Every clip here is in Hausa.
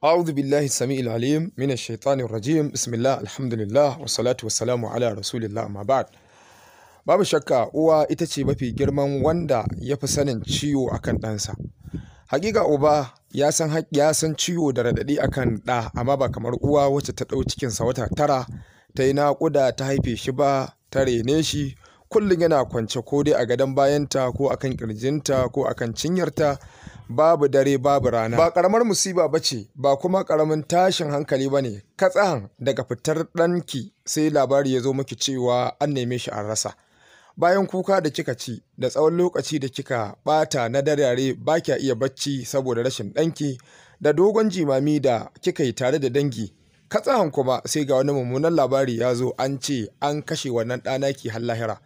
أعوذ بالله السميع العليم من الشيطان الرجيم بسم الله babu shakka uwa ita ce mafi girman wanda ya fi sanin ciwo akan ɗansa hakika uba ya san ya san ciwo da raɗaɗi akan ɗa amma ba kamar uwa wacce ta ɗau cikinsa wata tara ta yi naƙuda ta haife shi ba ta rene shi kullum yana kwance ko dai a gadon bayanta ko akan ƙirjinta ko akan cinyarta babu dare babu rana ba karamar musiba ba ce ba kuma karamin tashin hankali ba ne katsahan daga fitar ɗanki sai labari ya zo miki cewa an neme shi an rasa bayan kuka da kika ci da tsawon lokaci da kika ɓata na dare ba kya iya bacci saboda rashin ɗanki da dogon jimami da kika yi tare da dangi katsahan kuma sai ga wani mummunan labari ya zo an ce an kashe wannan ɗanaki har lahira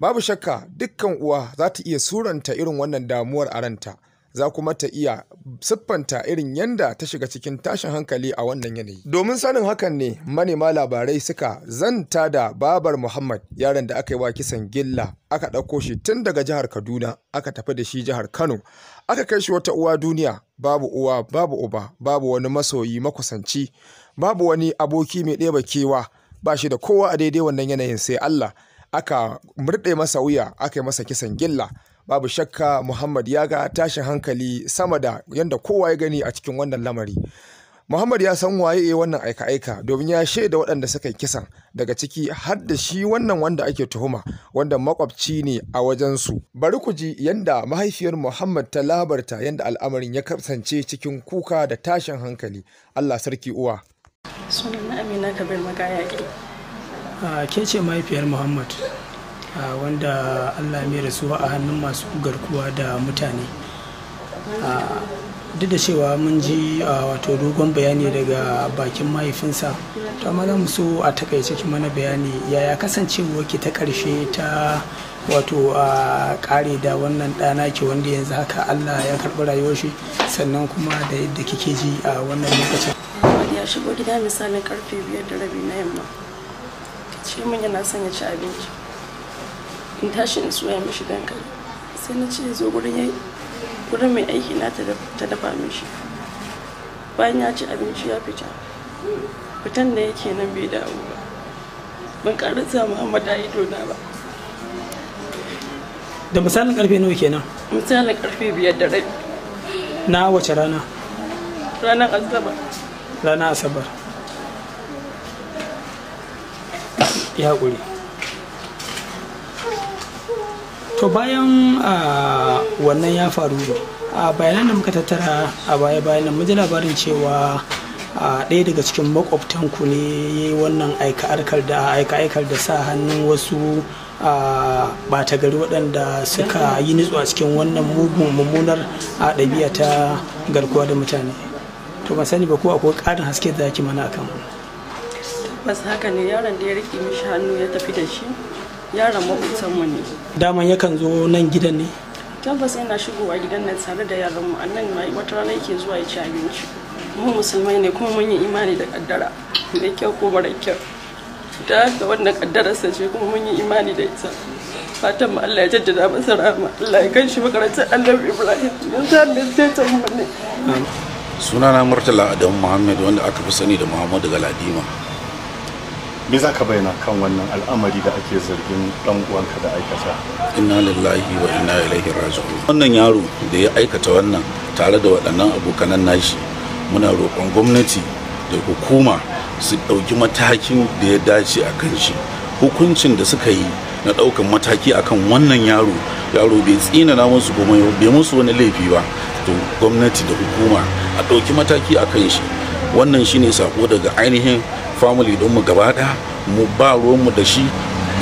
babu shakka dukkan uwa za ta iya suranta irin wannan damuwar a ranta za kuma ta iya siffanta irin yanda ta shiga cikin tashin hankali a wannan yanayi domin sanin hakan ne manema labarai suka zanta da babar muhammad yaron da aka yi wa kisan gilla aka ɗauko shi tun daga jihar kaduna aka tafi da shi jihar kano aka kai shi wata uwa duniya babu uwa babu uba babu wani masoyi makusanci babu wani aboki mai ɗeba kewa ba shi da kowa a daidai wannan yanayin sai allah aka murɗe masa wuya aka yi masa kisan gilla babu shakka Muhammad ya ga tashin hankali sama da yadda kowa ya gani a cikin wannan lamari. Muhammad ya san waye wannan aika-aika domin ya shaida waɗanda suka yi kisan daga ciki har da shi wannan wanda ake tuhuma wanda makwabci ne a wajensu. Bari ku ji yadda mahaifiyar Muhammad ta labarta yadda al'amarin ya kasance cikin kuka da tashin hankali. Allah sarki uwa. Sunan Amina Kabir Magayaki. Ke ce mahaifiyar Muhammad. wanda allah mai rasuwa a hannun masu garkuwa da mutane duk da cewa mun ji wato dogon bayani daga bakin mahaifinsa to amma mu so a takaice ki mana bayani yaya kasancewa ki ta karshe ta wato a kare da wannan ɗana ki wanda yanzu haka allah ya karɓi rayuwar shi sannan kuma da yadda kike ji a wannan lokacin ya shigo gida misalin karfe biyar da rabi na yamma ce mun yana son ya ci abinci in tashi in soya mishi dankali sai na ce zo gurin yayi gurin mai aiki na ta dafa mishi bayan ya ci abinci ya fita fitan da yake nan bai dawo ba ban karasa muhammad a ido na ba da misalin karfe nawa kenan misalin karfe biyar da rabi na wace rana ranar asabar ranar asabar ya haƙuri to bayan wannan ya faru a bayanan da muka tattara a baya bayan mun ji labarin cewa a ɗaya daga cikin makwabtanku ne yayi wannan aika-aikar da aika-aikar da sa hannun wasu a ɓata gari waɗanda suka yi nutsu a cikin wannan mugun mummunar a ɗabi'a ta garkuwa da mutane to ban sani ba ko akwai ƙarin haske da zaki mana akan tabbas haka ne yaron da ya riƙe mishi hannu ya tafi da shi yaron makwabtanmu ne daman yakan zo nan gidan ne tabbas yana shigowa gidan nan tare da yaran mu annan wata rana yake zuwa ya ci abinci mu musulmai ne kuma mun yi imani da kaddara mai kyau ko mara kyau da haka wannan kaddararsa ce kuma mun yi imani da ita fatan mu Allah ya jaddada masa rahama Allah ya kai shi makarantar Annabi Ibrahim mun san me zai ta mu ne sunana Murtala Adamu Muhammad wanda aka fi sani da Muhammadu Galadima me za ka bayyana kan wannan al'amari da ake zargin dan uwanka da aikata inna lillahi wa inna ilaihi raji'un wannan yaro da ya aikata wannan tare da waɗannan abokanan nashi muna roƙon gwamnati da hukuma su ɗauki mataki da ya dace a kan shi hukuncin da suka yi na ɗaukan mataki akan wannan yaro yaro bai tsinana musu bai musu wani laifi ba to gwamnati da hukuma a ɗauki mataki a kan shi wannan shine sako daga ainihin family mu gaba mu ba ruwanmu da shi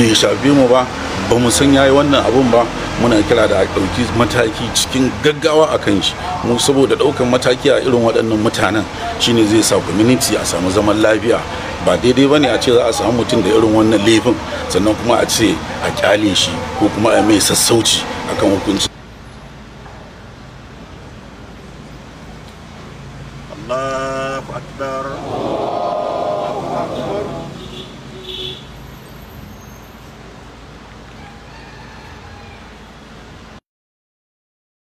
bai shafe mu ba ba mu san yayi wannan abun ba muna kira da ɗauki mataki cikin gaggawa a kan shi mu saboda ɗaukan mataki a irin waɗannan mutanen shine zai sa community a samu zaman lafiya ba daidai ba ne a ce za a samu mutum da irin wannan laifin sannan kuma a ce a kyale shi ko kuma a mai sassauci akan hukunci